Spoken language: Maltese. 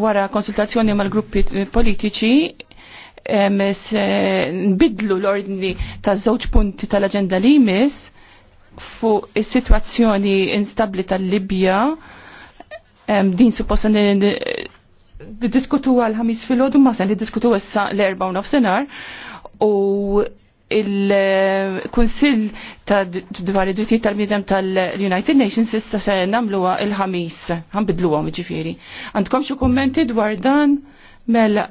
wara konsultazzjoni mal-gruppi politiċi nbidlu l-ordni ta' żewġ punti tal-aġenda li jmiss fuq is-sitwazzjoni instabli tal-Libja din supposta diskutu għal ħamis fil-ħodu ma sen li diskutu issa l-erba u nofsenar il-Kunsill ta' dwar id dritti tal-bniedem tal-United Nations issa se nagħmluha il-ħamis, ħambidluhom ġifieri. Għandkom xi kummenti dwar dan mela